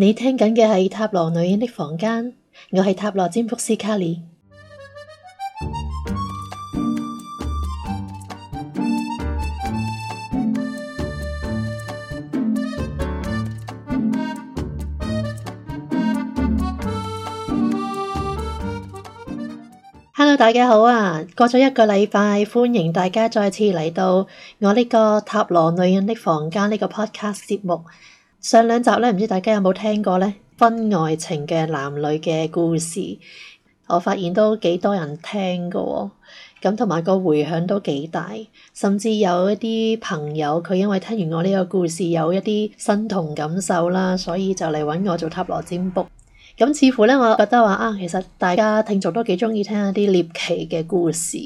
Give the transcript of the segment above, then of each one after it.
你聽緊嘅係塔羅女人的房間，我係塔羅占卜師卡莉。 Hello，大家好啊！過咗一個禮拜，歡迎大家再次嚟到我呢個塔羅女人的房間呢個 podcast 節目。上兩集咧，唔知大家有冇聽過咧婚外情嘅男女嘅故事，我發現都幾多人聽㗎喎，咁同埋個回響都幾大，甚至有一啲朋友佢因為聽完我呢個故事有一啲身同感受啦，所以就嚟揾我做塔羅占卜。咁似乎咧，我覺得話啊，其實大家聽眾都幾中意聽一啲獵奇嘅故事。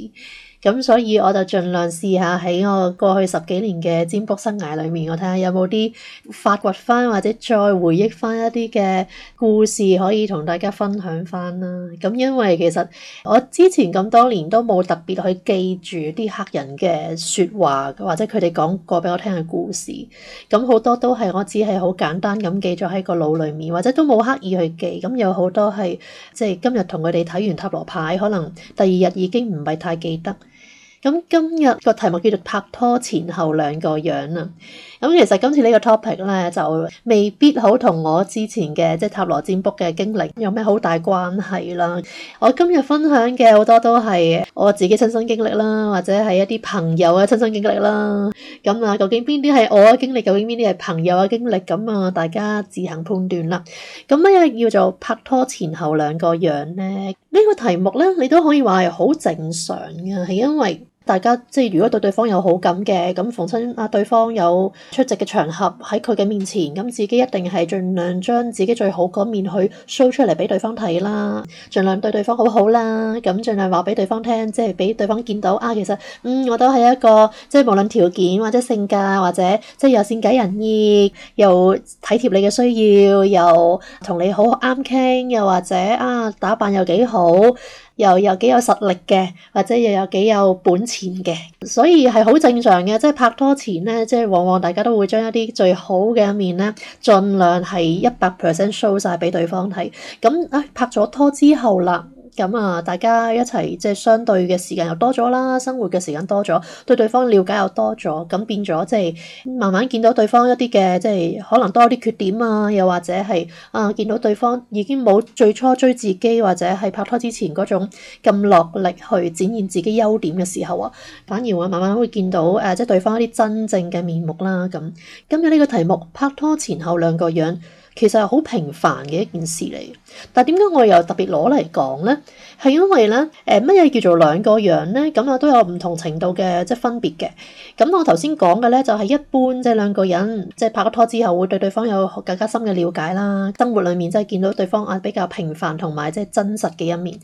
咁所以我就盡量試下喺我過去十幾年嘅占卜生涯裏面，我睇下有冇啲發掘返或者再回憶返一啲嘅故事可以同大家分享返啦。咁因為其實我之前咁多年都冇特別去記住啲客人嘅説話，或者佢哋講過俾我聽嘅故事。咁好多都係我只係好簡單咁記咗喺個腦裏面，或者都冇刻意去記。咁有好多係即係今日同佢哋睇完塔羅牌，可能第二日已經唔係太記得。咁今日個題目叫做拍拖前後兩個樣啊！咁其實今次呢個 topic 咧就未必好同我之前嘅即係塔羅占卜嘅經歷有咩好大關係啦。我今日分享嘅好多都係我自己親身經歷啦，或者係一啲朋友嘅親身經歷啦。咁啊，究竟邊啲係我嘅經歷，究竟邊啲係朋友嘅經歷？咁啊，大家自行判斷啦。咁咩叫做拍拖前後兩個樣咧？呢個題目咧，你都可以話係好正常嘅，係因為大家即係如果對對方有好感嘅，咁逢親啊對方有出席嘅場合喺佢嘅面前，咁自己一定係盡量將自己最好嗰面去 show 出嚟俾對方睇啦，盡量對對方好好啦，咁盡量話俾對方聽，即係俾對方見到啊，其實嗯我都係一個即係無論條件或者性格或者即係又善解人意，又體貼你嘅需要，又同你好啱傾，又或者啊打扮又幾好。又有幾有實力嘅，或者又有幾有本錢嘅，所以係好正常嘅。即係拍拖前咧，即係往往大家都會將一啲最好嘅一面咧，盡量係一百 percent show 晒俾對方睇。咁啊、哎，拍咗拖之後啦。咁啊，大家一齊即係相對嘅時間又多咗啦，生活嘅時間多咗，對對方了解又多咗，咁變咗即係慢慢見到對方一啲嘅即係可能多啲缺點啊，又或者係啊見到對方已經冇最初追自己或者係拍拖之前嗰種咁落力去展現自己優點嘅時候啊，反而會慢慢會見到誒、啊、即係對方一啲真正嘅面目啦。咁今日呢個題目拍拖前後兩個樣。其實係好平凡嘅一件事嚟，但係點解我又特別攞嚟講呢？係因為咧，誒乜嘢叫做兩個樣呢？咁啊都有唔同程度嘅即係分別嘅。咁我頭先講嘅呢，就係一般，即係兩個人，即係拍咗拖之後會對對方有更加深嘅了解啦。生活裡面即係見到對方啊比較平凡同埋即係真實嘅一面。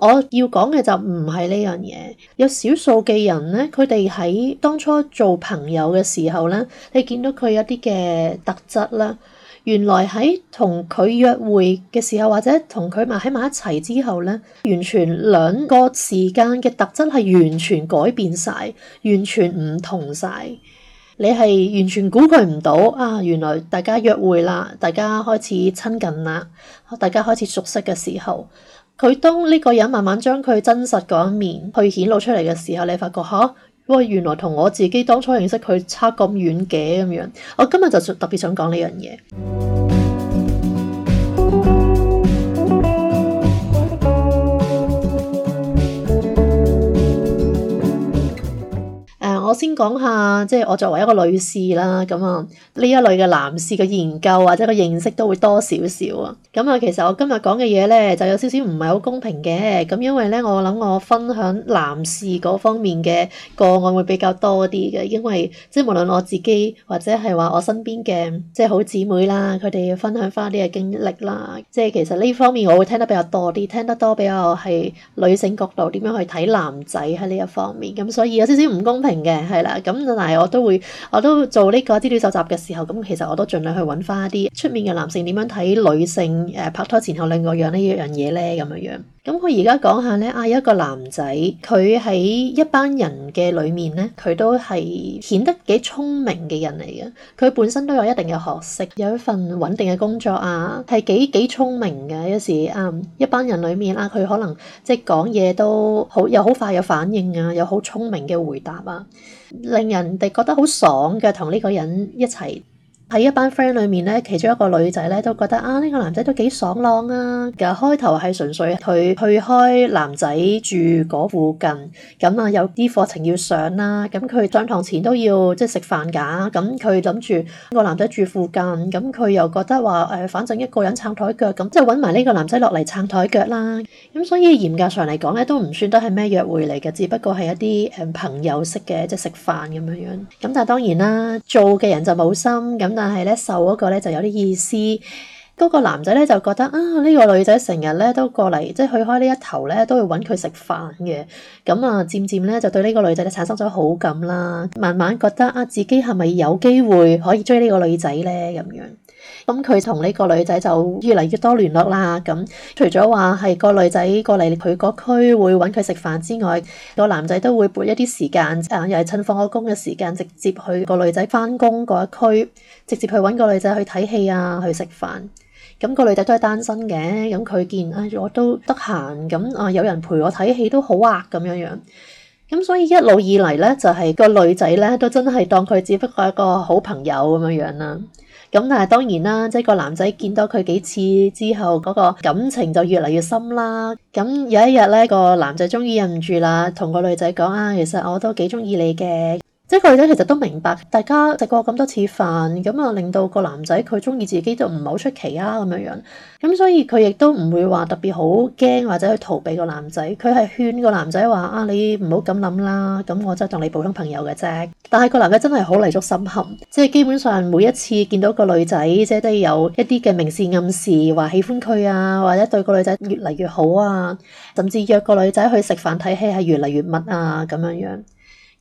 我要講嘅就唔係呢樣嘢。有少數嘅人呢，佢哋喺當初做朋友嘅時候呢，你見到佢一啲嘅特質啦。原來喺同佢約會嘅時候，或者同佢埋喺埋一齊之後呢，完全兩個時間嘅特質係完全改變晒，完全唔同晒。你係完全估佢唔到啊！原來大家約會啦，大家開始親近啦，大家開始熟悉嘅時候，佢當呢個人慢慢將佢真實嗰一面去顯露出嚟嘅時候，你發覺嚇。哇！原來同我自己當初認識佢差咁遠嘅咁樣，我今日就特別想講呢樣嘢。我先講下，即係我作為一個女士啦，咁啊呢一類嘅男士嘅研究或者個認識都會多少少啊。咁啊，其實我今日講嘅嘢咧就有少少唔係好公平嘅。咁因為咧，我諗我分享男士嗰方面嘅個案會比較多啲嘅，因為即係無論我自己或者係話我身邊嘅即係好姊妹啦，佢哋分享翻啲嘅經歷啦，即係其實呢方面我會聽得比較多啲，聽得多比較係女性角度點樣去睇男仔喺呢一方面，咁所以有少少唔公平嘅。係啦，咁但係我都會，我都做呢個資料搜集嘅時候，咁其實我都盡量去揾返一啲出面嘅男性點樣睇女性，拍拖前後另外樣這呢一樣嘢咧，咁樣樣。咁我而家講下呢，啊，有一個男仔佢喺一班人嘅裏面呢，佢都係顯得幾聰明嘅人嚟嘅。佢本身都有一定嘅學識，有一份穩定嘅工作啊，係幾幾聰明嘅。有時啊，一班人裏面啊，佢可能即係講嘢都好，又好快有反應啊，有好聰明嘅回答啊，令人哋覺得好爽嘅。同呢個人一齊。喺一班 friend 裏面呢，其中一個女仔呢，都覺得啊，呢、呢個男仔都幾爽朗啊。其實開頭係純粹佢去、去開男仔住嗰附近，咁啊有啲課程要上啦，咁佢上堂前都要即係食飯㗎。咁佢諗住個男仔住附近，咁佢又覺得話、呃、反正一個人撐台腳咁，即係揾埋呢個男仔落嚟撐台腳啦。咁所以嚴格上嚟講咧，都唔算得係咩約會嚟嘅，只不過係一啲朋友式嘅即係食飯咁樣樣。咁但係當然啦，做嘅人就冇心但係呢，瘦嗰個呢就有啲意思，嗰個男仔呢就覺得啊，呢個女仔成日呢都過嚟，即係去開呢一頭呢，都會揾佢食飯嘅。咁啊，漸漸呢就對呢個女仔呢產生咗好感啦，慢慢覺得啊，自己係咪有機會可以追呢個女仔呢咁樣？咁佢同呢個女仔就越嚟越多聯絡啦。咁、嗯、除咗話係個女仔過嚟佢個區會揾佢食飯之外，個男仔都會撥一啲時間，誒、啊，又係趁放個工嘅時間，直接去個女仔翻工嗰一區，直接去揾個女仔去睇戲啊，去食飯。咁、嗯、個女仔都係單身嘅，咁、嗯、佢見唉、哎，我都得閒，咁、嗯、啊有人陪我睇戲都好啊，咁樣樣。咁、嗯、所以一路以嚟呢，就係、是、個女仔呢，都真係當佢只不過係一個好朋友咁樣樣啦。咁但係當然啦，即係個男仔見到佢幾次之後，嗰、嗰個感情就越嚟越深啦。咁有一日呢，嗰個男仔終於忍唔住啦，同個女仔講啊，其實我都幾鍾意你嘅。即係個女仔其實都明白，大家食過咁多次飯，咁啊令到個男仔佢中意自己就唔係好出奇啊咁樣樣，咁所以佢亦都唔會話特別好驚或者去逃避個男仔，佢係勸個男仔話啊，你唔好咁諗啦，咁我真係當你普通朋友嘅啫。但係個男仔真係好泥足深陷，即係基本上每一次見到個女仔，即係都有一啲嘅明示暗示，話喜歡佢啊，或者對個女仔越嚟越好啊，甚至約個女仔去食飯睇戲係越嚟越密啊咁樣樣。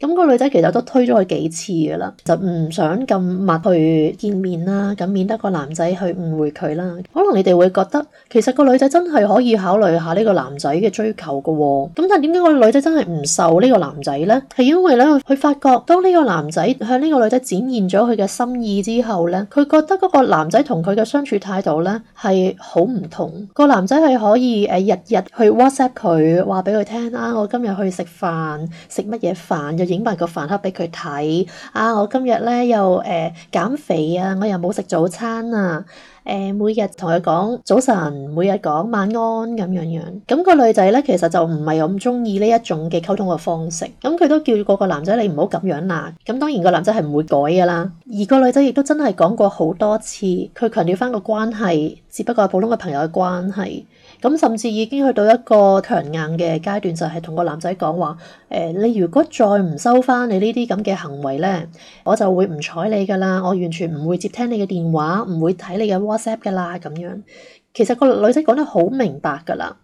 咁個女仔其實都推咗佢幾次㗎喇，就唔想咁密去見面啦，咁免得個男仔去誤會佢啦。可能你哋會覺得其實個女仔真係可以考慮下呢個男仔嘅追求㗎喎，咁但係點解個女仔真係唔受呢個男仔呢？係因為呢，佢發覺當呢個男仔向呢個女仔展現咗佢嘅心意之後呢，佢覺得嗰個男仔同佢嘅相處態度呢係好唔同。個男仔係可以日日去 WhatsApp 佢話畀佢聽啊：「我今日去食飯，食乜嘢飯點埋個飯盒俾佢睇啊！我今日咧又誒呃、減肥啊，我又冇食早餐啊！呃、每日同佢講早晨，每日講晚安咁樣樣。咁個女仔咧，其實就唔係咁中意呢一種嘅溝通嘅方式。咁佢都叫過個男仔，你唔好咁樣啦。咁當然個男仔係唔會改噶啦。而個女仔亦都真係講過好多次，佢強調返個關係，只不過是普通嘅朋友嘅關係。咁甚至已經去到一個強硬嘅階段，就係、是、同個男仔講話：誒、呃，你如果再唔收返你呢啲咁嘅行為咧，我就會唔睬你噶啦，我完全唔會接聽你嘅電話，唔會睇你嘅 WhatsApp 噶啦咁樣。其實個女仔講得好明白噶啦。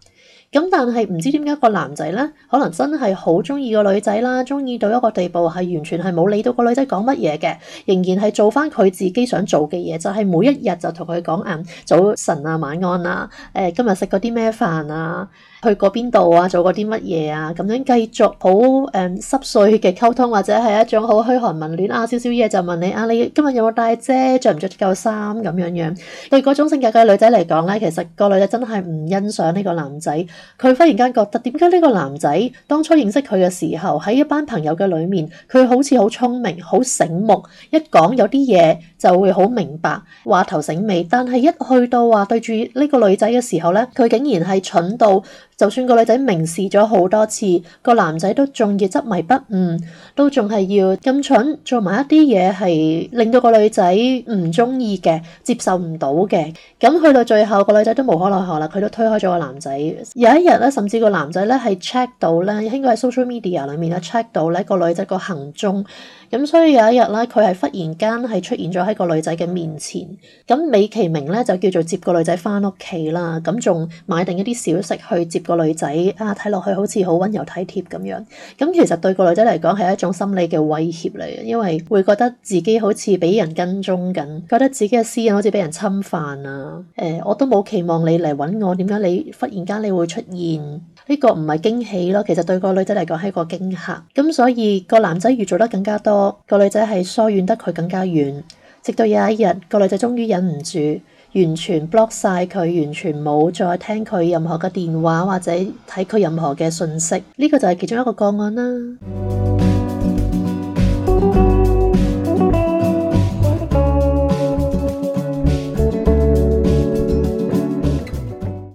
咁但係唔知點解個男仔咧，可能真係好中意個女仔啦，中意到一個地步係完全係冇理到個女仔講乜嘢嘅，仍然係做翻佢自己想做嘅嘢，就係、是、每一日就同佢講，早晨啊，晚安啊，今日食咗啲咩飯啊？去過邊度啊？做過啲乜嘢啊？咁樣繼續好誒、嗯、濕碎嘅溝通，或者係一種好噓寒問暖啊！少少嘢就問你啊，你今日有冇帶遮？着唔着夠衫咁樣樣？對嗰種性格嘅女仔嚟講咧，其實個女仔真係唔欣賞呢個男仔。佢忽然間覺得點解呢個男仔當初認識佢嘅時候，喺一班朋友嘅裏面，佢好似好聰明、好醒目，一講有啲嘢就會好明白話頭醒尾。但係一去到話對住呢個女仔嘅時候咧，佢竟然係蠢到～就算個女仔明示咗好多次，個男仔都仲要執迷不悟，都仲係要咁蠢，做埋一啲嘢係令到個女仔唔中意嘅，接受唔到嘅。咁去到最後，個女仔都無可奈何啦，佢都推開咗個男仔。有一日咧，甚至個男仔咧係 check 到咧，應該喺 social media 裏面咧 check 到咧個女仔個行蹤。咁所以有一日咧，佢係忽然間係出現咗喺個女仔嘅面前。咁美其名咧就叫做接個女仔翻屋企啦，咁仲買定一啲小食去接個女仔。啊，睇落去好似好溫柔體貼咁樣，咁其實對個女仔嚟講係一種心理嘅威脅嚟嘅，因為會覺得自己好似俾人跟蹤緊，覺得自己嘅私隱好似俾人侵犯啊。誒、欸，我都冇期望你嚟揾我，點解你忽然間你會出現呢？這個唔係驚喜咯，其實對個女仔嚟講係一個驚嚇，咁所以個男仔越做得更加多。個女仔係疏遠得佢更加遠，直到有一日，個女仔終於忍唔住，完全 block 晒佢，完全冇再聽佢任何嘅電話或者睇佢任何嘅信息。呢個就係其中一個個案啦。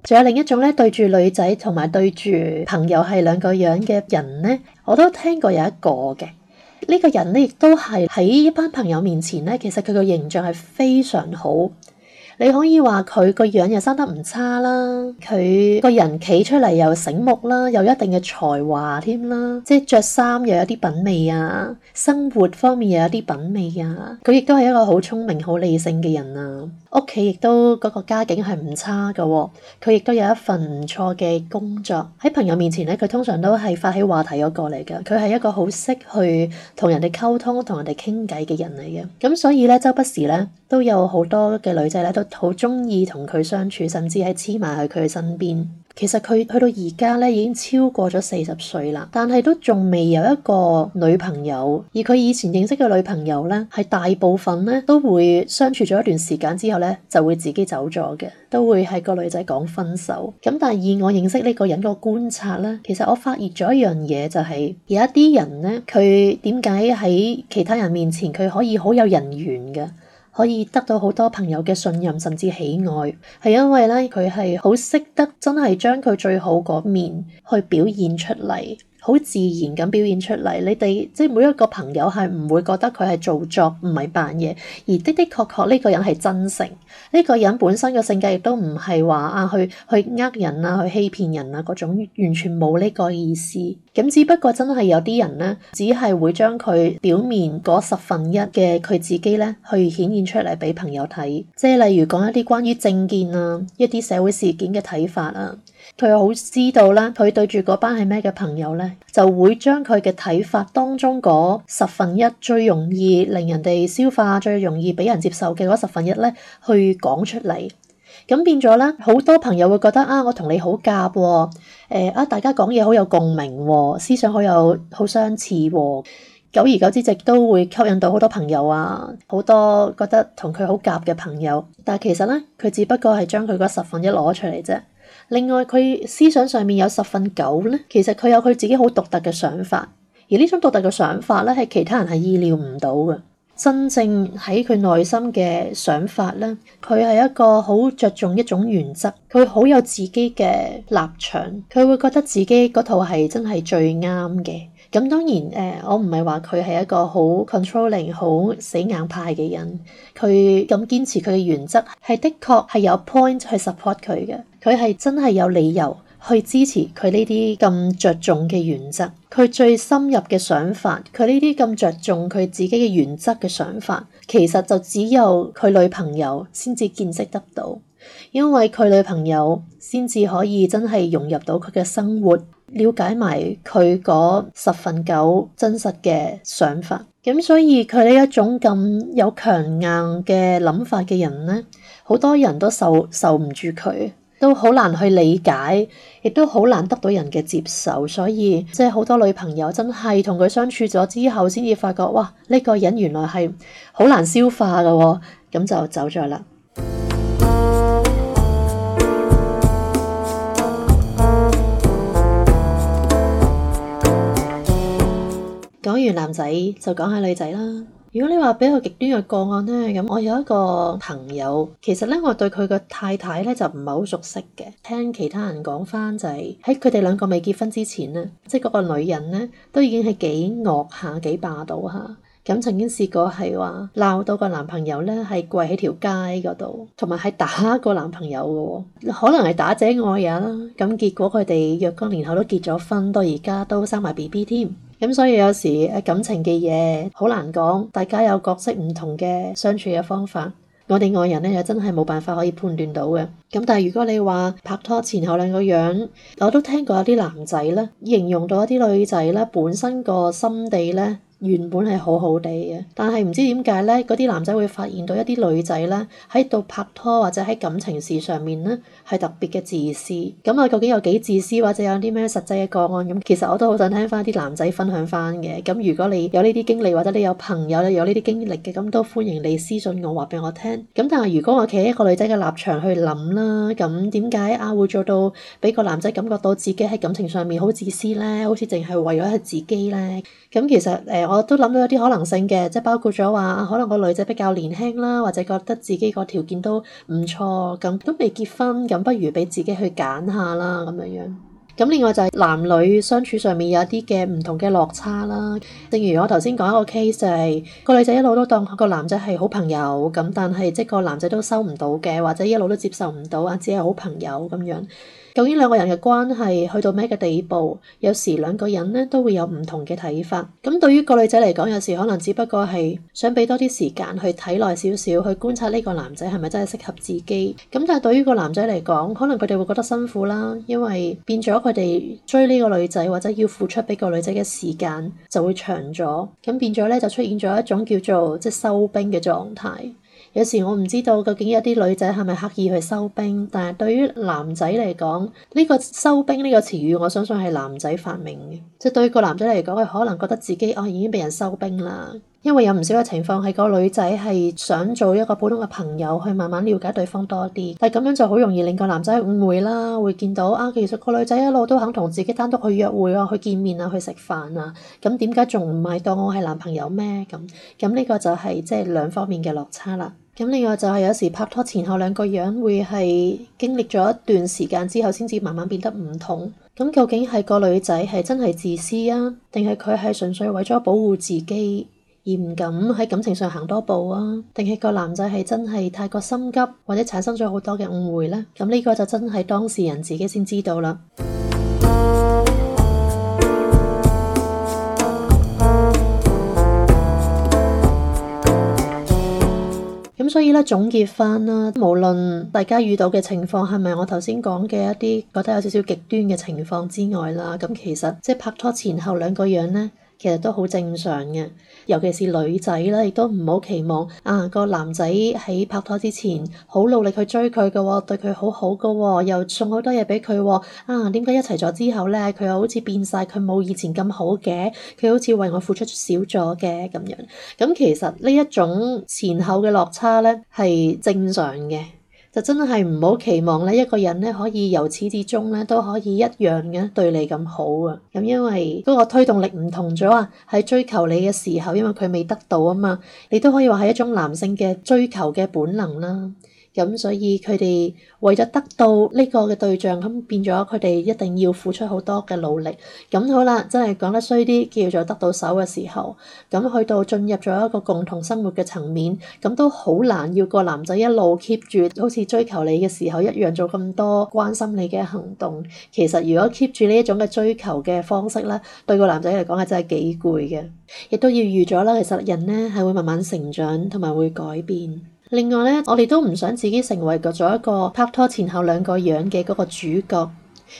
仲 有另一種咧，對住女仔同埋對住朋友係兩個樣嘅人呢，我都聽過有一個嘅。呢個人呢，亦都係喺一班朋友面前呢，其實佢個形象係非常好。你可以話佢個樣又生得唔差啦，佢個人企出嚟又醒目啦，有一定嘅才華添啦，即係著衫又有啲品味啊，生活方面又有啲品味啊。佢亦都係一個好聰明、好理性嘅人啊。屋企亦都嗰個家境係唔差嘅，佢亦都有一份唔錯嘅工作。喺朋友面前呢，佢通常都係發起話題嗰個嚟嘅。佢係一個好識去同人哋溝通、同人哋傾偈嘅人嚟嘅。咁所以呢，周不時呢，都有好多嘅女仔呢都。好中意同佢相處，甚至喺黐埋喺佢嘅身邊。其實佢去到而家已經超過咗四十歲啦，但係都仲未有一個女朋友。而佢以前認識嘅女朋友呢，係大部分咧都會相處咗一段時間之後呢，就會自己走咗嘅，都會係個女仔講分手。咁但以我認識呢個人個觀察呢，其實我發現咗一樣嘢，就係，就係有一啲人咧，佢點解喺其他人面前佢可以好有人緣嘅？可以得到好多朋友嘅信任，甚至喜愛，係因為咧，佢係好識得真係將佢最好嗰面去表現出嚟。好自然咁表現出嚟，你哋即係每一個朋友係唔會覺得佢係做作，唔係扮嘢，而的的確確呢個人係真誠，呢個人本身嘅性格亦都唔係話啊去去呃人啊，去欺騙人啊嗰種，完全冇呢個意思。咁只不過真係有啲人咧，只係會將佢表面嗰十分一嘅佢自己咧，去顯現出嚟俾朋友睇，即係例如講一啲關於政見啊，一啲社會事件嘅睇法啊。佢好知道啦，佢對住嗰班係咩嘅朋友呢，就會將佢嘅睇法當中嗰十分一最容易令人哋消化、最容易俾人接受嘅嗰十分一呢，去講出嚟。咁變咗呢，好多朋友會覺得啊，我同你好夾喎，誒、呃、啊，大家講嘢好有共鳴喎，思想好有好相似喎。久而久之，亦都會吸引到好多朋友啊，好多覺得同佢好夾嘅朋友。但其實呢，佢只不過係將佢嗰十分一攞出嚟啫。另外，佢思想上面有十分九呢，其實佢有佢自己好獨特嘅想法，而呢種獨特嘅想法呢，係其他人係意料唔到嘅。真正喺佢內心嘅想法呢，佢係一個好着重一種原則，佢好有自己嘅立場，佢會覺得自己嗰套係真係最啱嘅。咁當然，我唔係話佢係一個好 controlling、好死硬派嘅人。佢咁堅持佢嘅原則，係的確係有 point 去 support 佢嘅。佢係真係有理由去支持佢呢啲咁着重嘅原則。佢最深入嘅想法，佢呢啲咁着重佢自己嘅原則嘅想法，其實就只有佢女朋友先至見識得到，因為佢女朋友先至可以真係融入到佢嘅生活。了解埋佢嗰十分九真實嘅想法，咁所以佢呢一種咁有強硬嘅諗法嘅人咧，好多人都受受唔住佢，都好難去理解，亦都好難得到人嘅接受，所以即係好多女朋友真係同佢相處咗之後，先至發覺哇，呢個人原來係好難消化㗎喎，咁就走咗啦。完男仔就講下女仔啦。如果你話比較極端嘅個案呢，咁我有一個朋友，其實呢，我對佢嘅太太呢，就唔係好熟悉嘅。聽其他人講返就係喺佢哋兩個未結婚之前呢，即嗰個女人呢，都已經係幾惡下、幾霸道吓。咁曾經試過係話鬧到個男朋友呢，係跪喺條街嗰度，同埋係打過男朋友嘅。可能係打姐愛人咁，結果佢哋若干年後都結咗婚，到而家都生埋 BB 添。咁所以有時感情嘅嘢好難講，大家有角色唔同嘅相處嘅方法，我哋外人呢又真係冇辦法可以判斷到嘅。咁但係如果你話拍拖前後兩個樣，我都聽過有啲男仔呢形容到一啲女仔呢本身個心地呢。原本係好好地嘅，但係唔知點解咧，嗰啲男仔會發現到一啲女仔咧喺度拍拖或者喺感情事上面咧係特別嘅自私。咁啊，究竟有幾自私或者有啲咩實際嘅個案咁？其實我都好想聽返啲男仔分享返嘅。咁如果你有呢啲經歷或者你有朋友有呢啲經歷嘅，咁都歡迎你私信我話俾我聽。咁但係如果我企喺一個女仔嘅立場去諗啦，咁點解啊會做到俾個男仔感覺到自己喺感情上面好自私咧？好似淨係為咗係自己咧。咁其實誒我。呃我都諗到有啲可能性嘅，即係包括咗話可能個女仔比較年輕啦，或者覺得自己個條件都唔錯，咁都未結婚，咁不如俾自己去揀下啦咁樣樣。咁另外就係男女相處上面有一啲嘅唔同嘅落差啦。正如我頭先講一個 case 就係個女仔一路都當個男仔係好朋友咁，但係即係個男仔都收唔到嘅，或者一路都接受唔到啊，或者只係好朋友咁樣。究竟兩個人嘅關係去到咩嘅地步？有時兩個人都會有唔同嘅睇法。咁對於個女仔嚟講，有時可能只不過係想俾多啲時間去睇耐少少，去觀察呢個男仔係咪真係適合自己。咁但係對於個男仔嚟講，可能佢哋會覺得辛苦啦，因為變咗佢哋追呢個女仔或者要付出俾個女仔嘅時間就會長咗。咁變咗咧就出現咗一種叫做即係收兵嘅狀態。有時我唔知道究竟一啲女仔係咪刻意去收兵，但係對於男仔嚟講，呢個收兵呢個詞語，我相信係男仔發明嘅。即係對個男仔嚟講，佢可能覺得自己、哦、已經被人收兵啦，因為有唔少嘅情況係個女仔係想做一個普通嘅朋友，去慢慢了解對方多啲。但係咁樣就好容易令個男仔誤會啦，會見到啊，其實個女仔一路都肯同自己單獨去約會啊，去見面啊，去食飯啊，咁點解仲唔係當我係男朋友咩？咁咁呢個就係即係兩方面嘅落差啦。咁另外就係有時拍拖前後兩個樣，會係經歷咗一段時間之後，先至慢慢變得唔同。咁究竟係個女仔係真係自私啊，定係佢係純粹為咗保護自己而唔敢喺感情上行多步啊？定係個男仔係真係太過心急，或者產生咗好多嘅誤會呢？咁呢個就真係當事人自己先知道啦。所以呢，總結返啦，無論大家遇到嘅情況係咪我頭先講嘅一啲覺得有少少極端嘅情況之外啦，咁其實即拍拖前後兩個樣呢。其實都好正常嘅，尤其是女仔啦，亦都唔好期望啊個男仔喺拍拖之前好努力去追佢嘅喎，對佢好好嘅喎，又送好多嘢畀佢喎。啊，點解一齊咗之後咧，佢又好似變晒，佢冇以前咁好嘅，佢好似為我付出少咗嘅咁樣。咁其實呢一種前後嘅落差咧，係正常嘅。就真係唔好期望一個人咧可以由始至終咧都可以一樣嘅對你咁好啊！咁因為嗰個推動力唔同咗啊，喺追求你嘅時候，因為佢未得到啊嘛，你都可以話係一種男性嘅追求嘅本能啦。咁所以佢哋為咗得到呢個嘅對象，咁變咗佢哋一定要付出好多嘅努力。咁好啦，真係講得衰啲，叫做得到手嘅時候，咁去到進入咗一個共同生活嘅層面，咁都好難要個男仔一路 keep 住好似追求你嘅時候一樣做咁多關心你嘅行動。其實如果 keep 住呢一種嘅追求嘅方式呢，對個男仔嚟講係真係幾攰嘅，亦都要預咗啦。其實人呢係會慢慢成長同埋會改變。另外呢，我哋都唔想自己成為個做一個拍拖前後兩個樣嘅嗰個主角，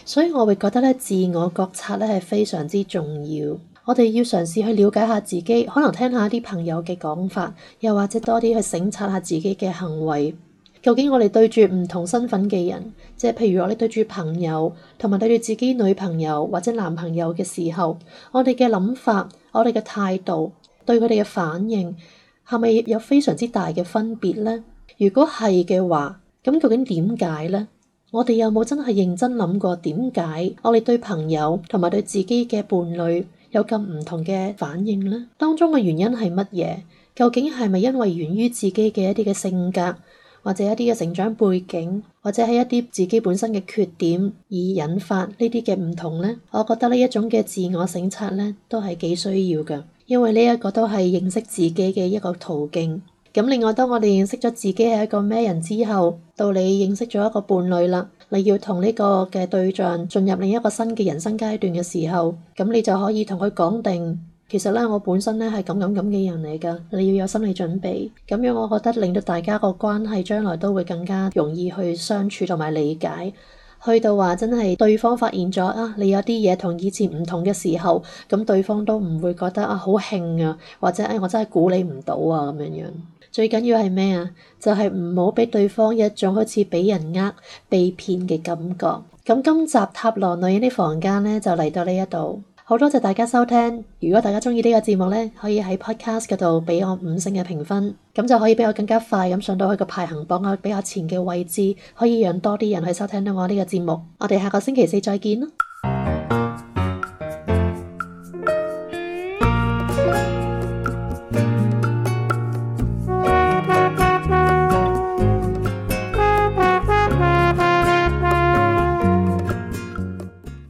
所以我會覺得咧，自我覺察呢係非常之重要。我哋要嘗試去了解下自己，可能聽一下一啲朋友嘅講法，又或者多啲去省察下自己嘅行為。究竟我哋對住唔同身份嘅人，即係譬如我哋對住朋友，同埋對住自己女朋友或者男朋友嘅時候，我哋嘅諗法、我哋嘅態度、對佢哋嘅反應。係咪有非常之大嘅分別呢？如果係嘅話，咁究竟點解呢？我哋有冇真係認真諗過點解我哋對朋友同埋對自己嘅伴侶有咁唔同嘅反應呢？當中嘅原因係乜嘢？究竟係咪因為源於自己嘅一啲性格，或者一啲嘅成長背景，或者係一啲自己本身嘅缺點而引發呢啲嘅唔同呢？我覺得呢一種嘅自我省察呢，都係幾需要嘅。因為呢一個都係認識自己嘅一個途徑。咁另外，當我哋認識咗自己係一個咩人之後，到你認識咗一個伴侶啦，你要同呢個嘅對象進入另一個新嘅人生階段嘅時候，咁你就可以同佢講定，其實呢我本身呢係咁樣咁嘅人嚟㗎。你要有心理準備，咁樣我覺得令到大家個關係將來都會更加容易去相處同埋理解。去到話真係對方發現咗啊，你有啲嘢同以前唔同嘅時候，咁對方都唔會覺得啊好興啊，或者誒、哎、我真係估你唔到啊咁樣樣。最緊要係咩啊？就係唔好俾對方一種好似俾人呃、被騙嘅感覺。咁今集塔羅女人啲房間咧，就嚟到呢一度。好多謝大家收聽，如果大家中意呢個節目咧，可以喺 Podcast 嗰度俾我五星嘅評分，咁就可以俾我更加快咁上到去個排行榜啊，我比較前嘅位置，可以讓多啲人去收聽到我呢個節目。我哋下個星期四再見咯。